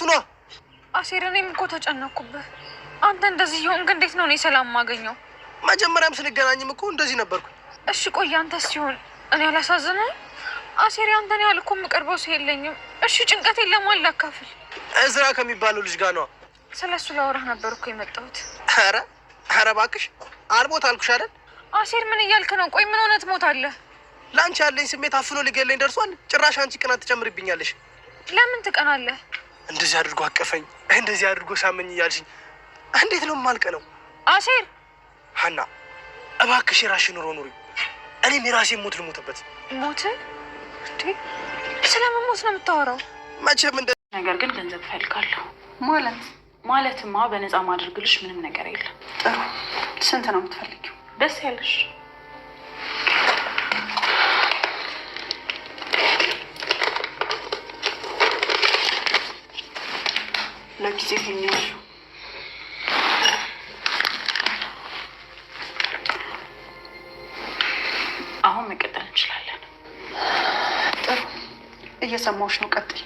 ቱና አሴር፣ እኔም እኮ ተጨነኩብህ። አንተ እንደዚህ የሆንክ እንዴት ነው እኔ ሰላም ማገኘው? መጀመሪያም ስንገናኝም እኮ እንደዚህ ነበርኩ። እሺ ቆይ አንተ ሲሆን እኔ አላሳዝነኝ አሴር፣ አንተን ያህል እኮ የምቀርበው ሰው የለኝም። እሺ ጭንቀቴን ለማን ላካፍል? እዝራ ከሚባለው ልጅ ጋር ነዋ። ስለ እሱ ላወራህ ነበር እኮ የመጣሁት። ኧረ ኧረ እባክሽ አልሞት አልኩሽ አይደል? አሴር ምን እያልክ ነው? ቆይ ምን እውነት ሞት አለ? ለአንቺ ያለኝ ስሜት አፍኖ ሊገለኝ ደርሷል። ጭራሽ አንቺ ቅናት ትጨምርብኛለሽ። ለምን ትቀናለህ? እንደዚህ አድርጎ አቀፈኝ፣ እንደዚህ አድርጎ ሳመኝ እያልሽኝ እንዴት ነው ማልቀ ነው? አሴር ሀና፣ እባክሽ የራሽ ኑሮ ኑሪ። እኔም የራሴ ሞት ልሞትበት። ሞት እንዴ? ስለምን ሞት ነው የምታወራው? መቼም እንደ ነገር ግን ገንዘብ ፈልጋለሁ ማለት ማለትማ፣ በነፃ ማድርግልሽ ምንም ነገር የለም። ጥሩ ስንት ነው የምትፈልጊው? ደስ ያለሽ ለጊዜ ይገኛሉ። አሁን መቀጠል እንችላለን። ጥሩ እየሰማዎች ነው። ቀጥይ።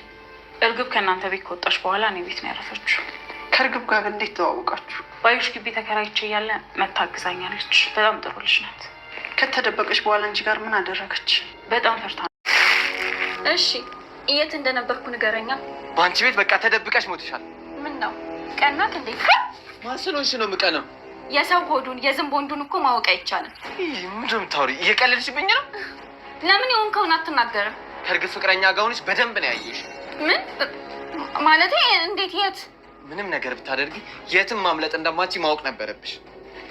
እርግብ ከእናንተ ቤት ከወጣች በኋላ እኔ ቤት ነው ያረፈችው። ከእርግብ ጋር እንዴት ተዋወቃችሁ? ባዮሽ ግቢ ተከራይቼ እያለ መታግዛኛለች። በጣም ጥሩ ልጅ ናት። ከተደበቀች በኋላ እንጂ ጋር ምን አደረገች? በጣም ፈርታ። እሺ፣ የት እንደነበርኩ ንገረኛ። በአንቺ ቤት በቃ ተደብቀሽ ሞትሻል። ምን ነው ቀናት እንዴ? ማስሎች ነው የምቀነው። የሰው ሆዱን የዝንብ ወንዱን እኮ ማወቅ አይቻልም። ምንድን ነው የምታወሪው? እየቀለድሽብኝ ነው። ለምን የሆንከውን አትናገርም? ከእርግጥ ፍቅረኛ ጋር ሆነሽ በደንብ ነው ያየሽ። ምን ማለት እንዴት? የት ምንም ነገር ብታደርጊ የትም ማምለጥ እንደማች ማወቅ ነበረብሽ።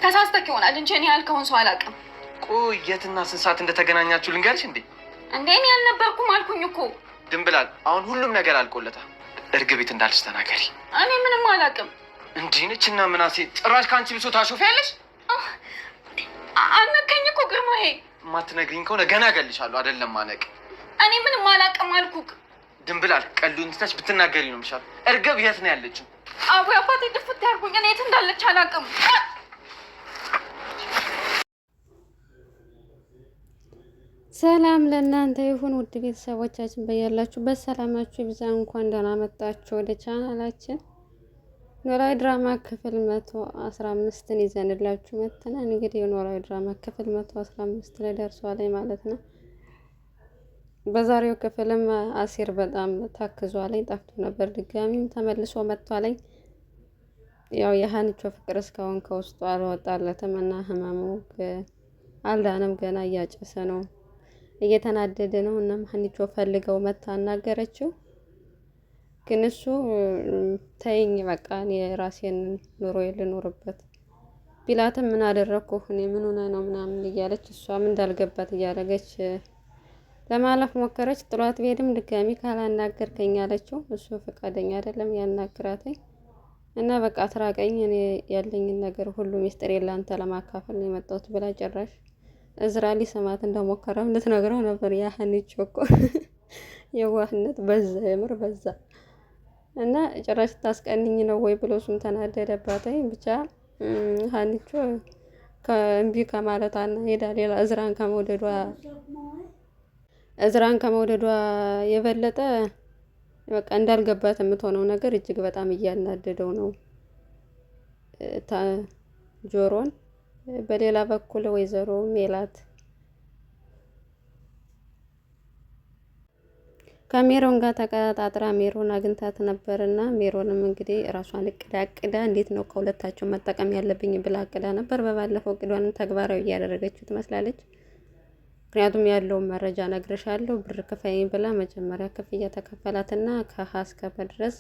ተሳስተክ ይሆናል እንጂ እኔ ያልከውን ሰው አላውቅም። ቆይ የትና ስንት ሰዓት እንደተገናኛችሁ ልንገርሽ እንዴ? እንዴ እኔ አልነበርኩም አልኩኝ እኮ ድንብላል። አሁን ሁሉም ነገር አልቆለታል። እርግ እርግቤት እንዳልስተናገሪ እኔ ምንም አላውቅም። እንዲህ ነች እና ምናሴ ጭራሽ ከአንቺ ብሶ ታሾፊያለሽ። አነከኝ እኮ ግርማዬ። ማትነግሪኝ ከሆነ ገና እገልሻለሁ። አይደለም ማነቅ እኔ ምንም አላውቅም አልኩህ። ድንብላል ቀሉን ትታች ብትናገሪ ነው የሚሻለው። እርግብ የት ነው ያለችው? አቡ አባቴ ድፍት ያርጉኝ። እኔ የት እንዳለች አላውቅም። ሰላም ለእናንተ ይሁን ውድ ቤተሰቦቻችን፣ በያላችሁ በሰላማችሁ ይብዛ። እንኳን ደህና መጣችሁ ወደ ቻናላችን ኖላዊ ድራማ ክፍል መቶ አስራ አምስትን ይዘንላችሁ መጥተናል። እንግዲህ የኖላዊ ድራማ ክፍል መቶ አስራ አምስት ላይ ደርሷል ማለት ነው። በዛሬው ክፍልም አሴር በጣም ታክዟለኝ፣ ጠፍቶ ነበር፣ ድጋሚም ተመልሶ መጥቷለኝ። ያው የሀንቾ ፍቅር እስካሁን ከውስጡ አልወጣለትም እና ህመሙ አልዳነም፣ ገና እያጨሰ ነው እየተናደደ ነው እና ማህኒቾ ፈልገው መታ አናገረችው። ግን እሱ ተይኝ በቃ እኔ ራሴን ኑሮ ልኖርበት ቢላትም ምን አደረግኩህ እኔ ምን ሆነ ነው ምናምን እያለች እሷም እንዳልገባት እያደረገች ለማለፍ ሞከረች። ጥሏት ብሄድም ድጋሚ ካላናገርከኝ አለችው። እሱ ፈቃደኛ አይደለም ያናግራተኝ እና በቃ ትራቀኝ እኔ ያለኝን ነገር ሁሉ ሚስጥር የላንተ ለማካፈል ነው የመጣሁት ብላ ጭራሽ እዝራ ሊሰማት እንደሞከረም ልትነግረው ነበር። ያህኒቾ እኮ የዋህነት በዛ፣ የምር በዛ እና ጭራሽ ታስቀንኝ ነው ወይ ብሎ እሱም ተናደደባት። ብቻ ሀኒቾ እምቢ ከማለቷና ሄዳ ሌላ እዝራን ከመውደዷ እዝራን ከመውደዷ የበለጠ በቃ እንዳልገባት የምትሆነው ነገር እጅግ በጣም እያናደደው ነው ጆሮን በሌላ በኩል ወይዘሮ ሜላት ከሜሮን ጋር ተቀጣጥራ ሜሮን አግኝታት ነበር እና ሜሮንም እንግዲህ እራሷን እቅድ አቅዳ እንዴት ነው ከሁለታቸው መጠቀም ያለብኝ ብላ አቅዳ ነበር። በባለፈው እቅዷንም ተግባራዊ እያደረገችው ትመስላለች። ምክንያቱም ያለውን መረጃ እነግርሻለሁ፣ ብር ክፈይ ብላ መጀመሪያ ክፍያ ተከፈላትና ከሀ እስከ ፐ ድረስ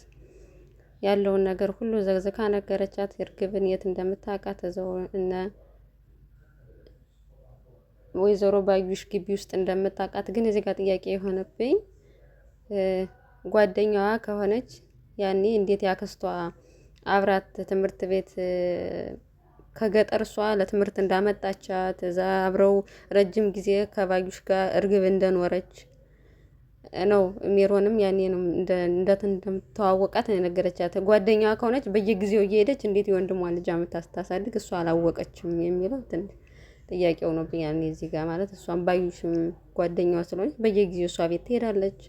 ያለውን ነገር ሁሉ ዘግዝካ ነገረቻት። እርግብን የት እንደምታውቃት እዛው እነ ወይዘሮ ባዩሽ ግቢ ውስጥ እንደምታውቃት ግን እዚህ ጋር ጥያቄ የሆነብኝ ጓደኛዋ ከሆነች ያኔ እንዴት ያክስቷ አብራት ትምህርት ቤት ከገጠር እሷ ለትምህርት እንዳመጣቻት እዛ አብረው ረጅም ጊዜ ከባዩሽ ጋር እርግብ እንደኖረች ነው። ሜሮንም ያኔ ነው እንደት እንደምትተዋወቃት የነገረቻት። ጓደኛዋ ከሆነች በየጊዜው እየሄደች እንዴት የወንድሟ ልጅ አምታ ስታሳድግ እሷ አላወቀችም የሚለው ትንሽ ጥያቄ ሆኖብኛል። እኔ እዚህ ጋር ማለት እሷን ባዩሽም ጓደኛዋ ስለሆነች በየጊዜው እሷ ቤት ትሄዳለች።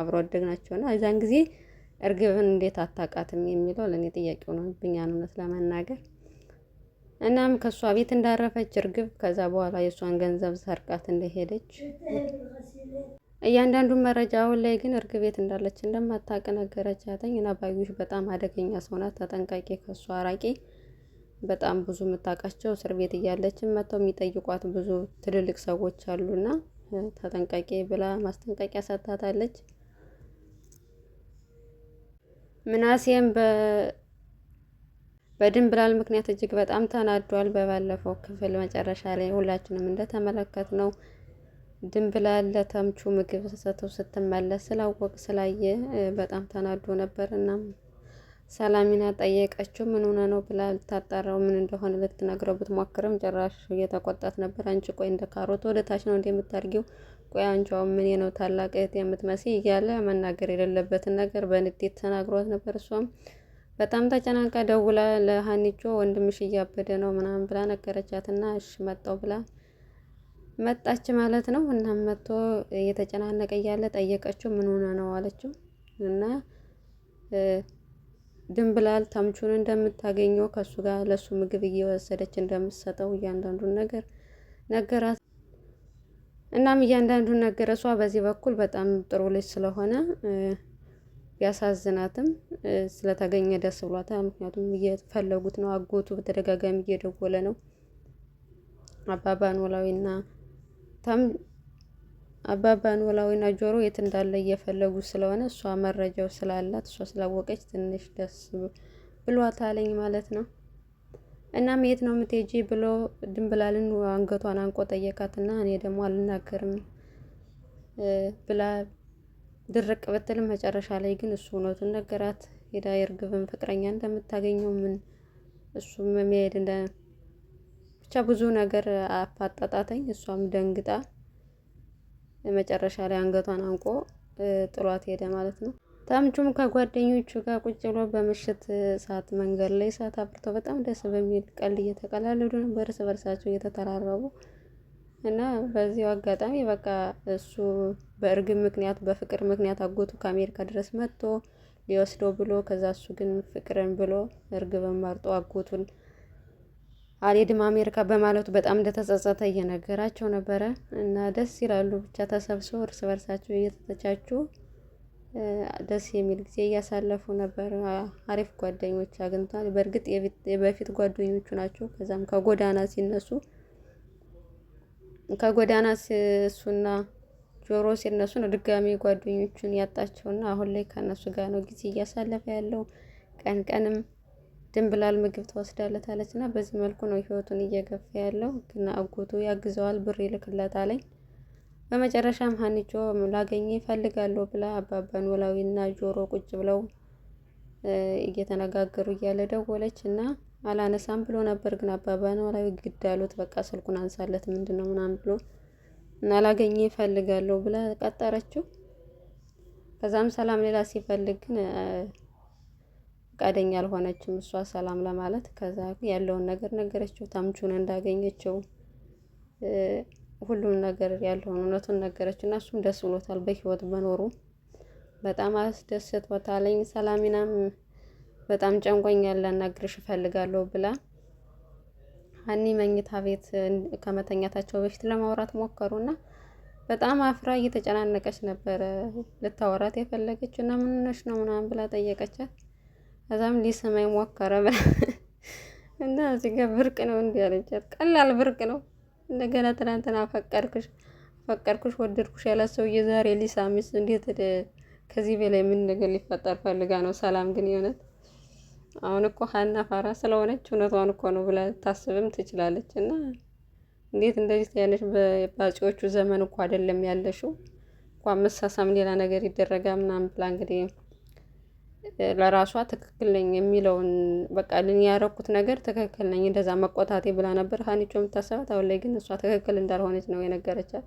አብሮ አደግ ናቸውና እዛን ጊዜ እርግብን እንዴት አታውቃትም የሚለው ለእኔ ጥያቄ ሆኖብኛል እውነት ለመናገር። እናም ከእሷ ቤት እንዳረፈች እርግብ ከዛ በኋላ የእሷን ገንዘብ ሰርቃት እንደሄደች እያንዳንዱ መረጃ አሁን ላይ ግን እርግብ ቤት እንዳለች እንደማታውቅ ያተኝ እና ባዩሽ በጣም አደገኛ ሰው ናት፣ ተጠንቃቂ፣ ከእሷ አራቂ በጣም ብዙ የምታውቃቸው እስር ቤት እያለችን መጥተው የሚጠይቋት ብዙ ትልልቅ ሰዎች አሉና ተጠንቀቂ ብላ ማስጠንቀቂያ ሰጥታታለች። ምናሴም በድንብላል ምክንያት እጅግ በጣም ተናዷል። በባለፈው ክፍል መጨረሻ ላይ ሁላችንም እንደተመለከት ነው ድንብላል ለተምቹ ምግብ ስትሰጠው ስትመለስ ስላወቅ ስላየ በጣም ተናዶ ነበር እና ሰላሚና ጠየቀችው። ምን ሆነ ነው ብላ ልታጣራው ምን እንደሆነ ልትነግረው ብትሞክርም ጭራሽ እየተቆጣት ነበር። አንቺ ቆይ እንደ ካሮት ወደ ታች ነው እንደምታርጊው ቆይ አንቺው ምን ነው ታላቅ እህት የምትመስይ እያለ መናገር የሌለበትን ነገር በንዴት ተናግሯት ነበር። እሷም በጣም ተጨናንቃ ደውላ ለሀኒቾ ወንድምሽ እያበደ ነው ምናምን ብላ ነገረቻትና እሺ መጣው ብላ መጣች ማለት ነው። እናም መጥቶ እየተጨናነቀ እያለ ጠየቀችው። ምን ሆነ ነው አለችው እና ድንብላል ታምቹን እንደምታገኘው ከእሱ ጋር ለእሱ ምግብ እየወሰደች እንደምትሰጠው እያንዳንዱን ነገር ነገራት። እናም እያንዳንዱን ነገር እሷ በዚህ በኩል በጣም ጥሩ ልጅ ስለሆነ ቢያሳዝናትም ስለተገኘ ደስ ብሏታል። ምክንያቱም እየፈለጉት ነው። አጎቱ በተደጋጋሚ እየደወለ ነው። አባባ ኖላዊና አባባ ኖላዊና ጆሮ የት እንዳለ እየፈለጉ ስለሆነ እሷ መረጃው ስላላት እሷ ስላወቀች ትንሽ ደስ ብሏታለኝ ማለት ነው። እናም የት ነው የምትሄጂ ብሎ ድንብላልን አንገቷን አንቆ ጠየቃትና እኔ ደግሞ አልናገርም ብላ ድርቅ ብትልም መጨረሻ ላይ ግን እሱ እውነቱን ነገራት። ሄዳ የእርግብን ፍቅረኛ እንደምታገኘው ምን እሱም መሄድ እንደ ብቻ ብዙ ነገር አፋጣጣተኝ እሷም ደንግጣ መጨረሻ ላይ አንገቷን አንቆ ጥሏት ሄደ ማለት ነው። ታምቹም ከጓደኞቹ ጋር ቁጭ ብሎ በምሽት ሰዓት መንገድ ላይ ሰዓት አብርቶ በጣም ደስ በሚል ቀልድ እየተቀላለዱ ነው በእርስ በርሳቸው እየተተራረቡ እና በዚሁ አጋጣሚ በቃ እሱ በእርግብ ምክንያት በፍቅር ምክንያት አጎቱ ከአሜሪካ ድረስ መጥቶ ሊወስደው ብሎ ከዛ እሱ ግን ፍቅርን ብሎ እርግብን መርጦ አጎቱን አልሄድም አሜሪካ በማለቱ በጣም እንደተጸጸተ እየነገራቸው ነበረ። እና ደስ ይላሉ ብቻ ተሰብስበው እርስ በርሳቸው እየተተቻቹ ደስ የሚል ጊዜ እያሳለፉ ነበር። አሪፍ ጓደኞች አግኝቷል። በእርግጥ የበፊት ጓደኞቹ ናቸው። ከዛም ከጎዳና ሲነሱ ከጎዳና እሱና ጆሮ ሲነሱ ነው ድጋሚ ጓደኞቹን ያጣቸውና አሁን ላይ ከእነሱ ጋር ነው ጊዜ እያሳለፈ ያለው ቀን ቀንም ድንብላል ምግብ ትወስዳለታለች እና በዚህ መልኩ ነው ህይወቱን እየገፋ ያለው። ግን አጎቱ ያግዘዋል፣ ብር ይልክለታለኝ። በመጨረሻም ሀኒቾ ላገኘ ይፈልጋለሁ ብላ አባባን ኖላዊ እና ጆሮ ቁጭ ብለው እየተነጋገሩ እያለ ደወለች እና አላነሳም ብሎ ነበር። ግን አባባ ኖላዊ ግድ አሉት። በቃ ስልኩን አንሳለት ምንድን ነው ምናምን ብሎ እና ላገኘ ይፈልጋለሁ ብላ ቀጠረችው። ከዛም ሰላም ሌላ ሲፈልግ ግን ፈቃደኛ አልሆነችም እሷ ሰላም ለማለት። ከዛ ያለውን ነገር ነገረችው። ታምቹን እንዳገኘችው ሁሉም ነገር ያለውን እውነቱን ነገረችው እና እሱም ደስ ብሎታል በህይወት መኖሩ በጣም አስደስቶታለኝ። ሰላሚናም በጣም ጨንቆኛል ላናግርሽ እፈልጋለሁ ብላ ሀኒ መኝታ ቤት ከመተኛታቸው በፊት ለማውራት ሞከሩና በጣም አፍራ እየተጨናነቀች ነበረ ልታወራት የፈለገችው እና ምን ሆነሽ ነው ምናምን ብላ ጠየቀቻት። ከዛም ሊሰማኝ ሞከረ ብላ እና እዚህ ጋር ብርቅ ነው እንዲ ያለቻት፣ ቀላል ብርቅ ነው። እንደገና ትናንትና ፈቀድኩሽ ፈቀድኩሽ ወደድኩሽ ያላት ሰውዬ ዛሬ ሊሳሚስ እንዴት ከዚህ በላይ ምን ነገር ሊፈጠር ፈልጋ ነው? ሰላም ግን የእውነት አሁን እኮ ሀና ፋራ ስለሆነች እውነቷን እኮ ነው ብላ ታስብም ትችላለች። እና እንዴት እንደዚህ ያለሽ በባጭዎቹ ዘመን እኮ አይደለም ያለሽው እኳ መሳሳም ሌላ ነገር ይደረጋ ምናምን ብላ እንግዲህ ለራሷ ትክክል ነኝ የሚለውን በቃ ልን ያረኩት ነገር ትክክል ነኝ እንደዛ መቆጣቴ ብላ ነበር ሀኒቾ የምታሰባት። አሁን ላይ ግን እሷ ትክክል እንዳልሆነች ነው የነገረቻት።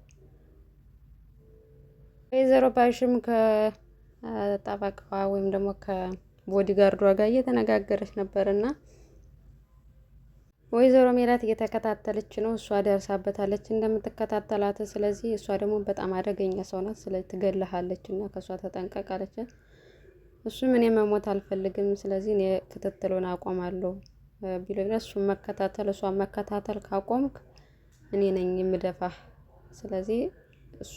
ወይዘሮ ባሽም ከጠበቃዋ ወይም ደግሞ ከቦዲጋርዷ ጋር እየተነጋገረች ነበር እና ወይዘሮ ሜላት እየተከታተለች ነው። እሷ ደርሳበታለች እንደምትከታተላት። ስለዚህ እሷ ደግሞ በጣም አደገኛ ሰው ናት፣ ስለዚህ ትገለሃለች እና ከእሷ ተጠንቀቅ እሱም እኔ መሞት አልፈልግም፣ ስለዚህ እኔ ክትትሉን አቆማለሁ ቢሎ እሱም መከታተል እሷ መከታተል ካቆምክ እኔ ነኝ የምደፋህ። ስለዚህ እሷ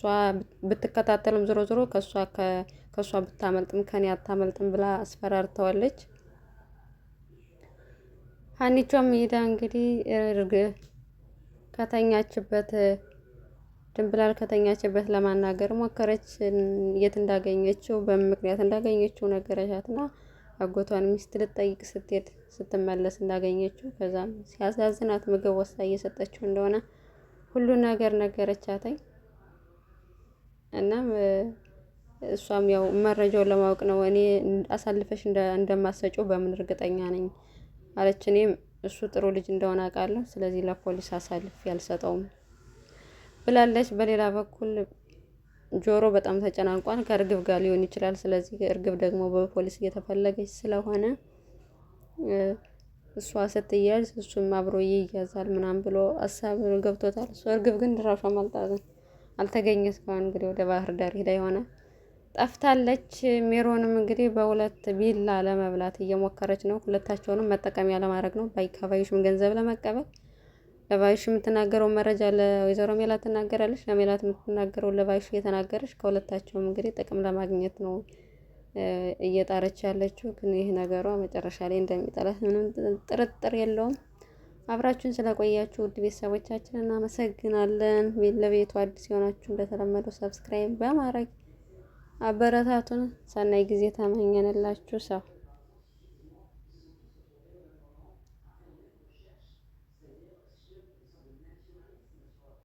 ብትከታተልም ዞሮ ዞሮ ከእሷ ብታመልጥም ከኔ አታመልጥም ብላ አስፈራርተዋለች። ሀኒቿም ሄዳ እንግዲህ ከተኛችበት ድንብላል ከተኛችበት ለማናገር ሞከረች። የት እንዳገኘችው በምን ምክንያት እንዳገኘችው ነገረቻትና አጎቷን ሚስት ልጠይቅ ስትሄድ ስትመለስ እንዳገኘችው ከዛም ሲያሳዝናት ምግብ ወሳ እየሰጠችው እንደሆነ ሁሉ ነገር ነገረቻተኝ። እናም እሷም ያው መረጃውን ለማወቅ ነው እኔ አሳልፈሽ እንደማሰጩ በምን እርግጠኛ ነኝ አለች። እኔም እሱ ጥሩ ልጅ እንደሆነ አውቃለሁ፣ ስለዚህ ለፖሊስ አሳልፍ ያልሰጠውም። ብላለች። በሌላ በኩል ጆሮ በጣም ተጨናንቋል። ከእርግብ ጋር ሊሆን ይችላል። ስለዚህ እርግብ ደግሞ በፖሊስ እየተፈለገች ስለሆነ እሷ ስትያዝ እሱም አብሮ ይያዛል ምናምን ብሎ አሳብ ገብቶታል። እሱ እርግብ ግን ድራሿ አልጣዘን አልተገኘ እስካሁን እንግዲህ ወደ ባህር ዳር ሄዳ የሆነ ጠፍታለች። ሜሮንም እንግዲህ በሁለት ቢላ ለመብላት እየሞከረች ነው። ሁለታቸውንም መጠቀሚያ ለማድረግ ነው። ባይካባዮችም ገንዘብ ለመቀበል ለባዩሽ የምትናገረው መረጃ ለወይዘሮ ሜላ ትናገራለች፣ ለሜላት የምትናገረው ለባዩሽ እየተናገረች ከሁለታቸውም እንግዲህ ጥቅም ለማግኘት ነው እየጣረች ያለችው። ግን ይህ ነገሯ መጨረሻ ላይ እንደሚጠላት ምንም ጥርጥር የለውም። አብራችሁን ስለቆያችሁ ውድ ቤተሰቦቻችን እናመሰግናለን። ለቤቱ አዲስ የሆናችሁ እንደተለመደው ሰብስክራይብ በማድረግ አበረታቱን። ሰናይ ጊዜ ተመኘንላችሁ ሰው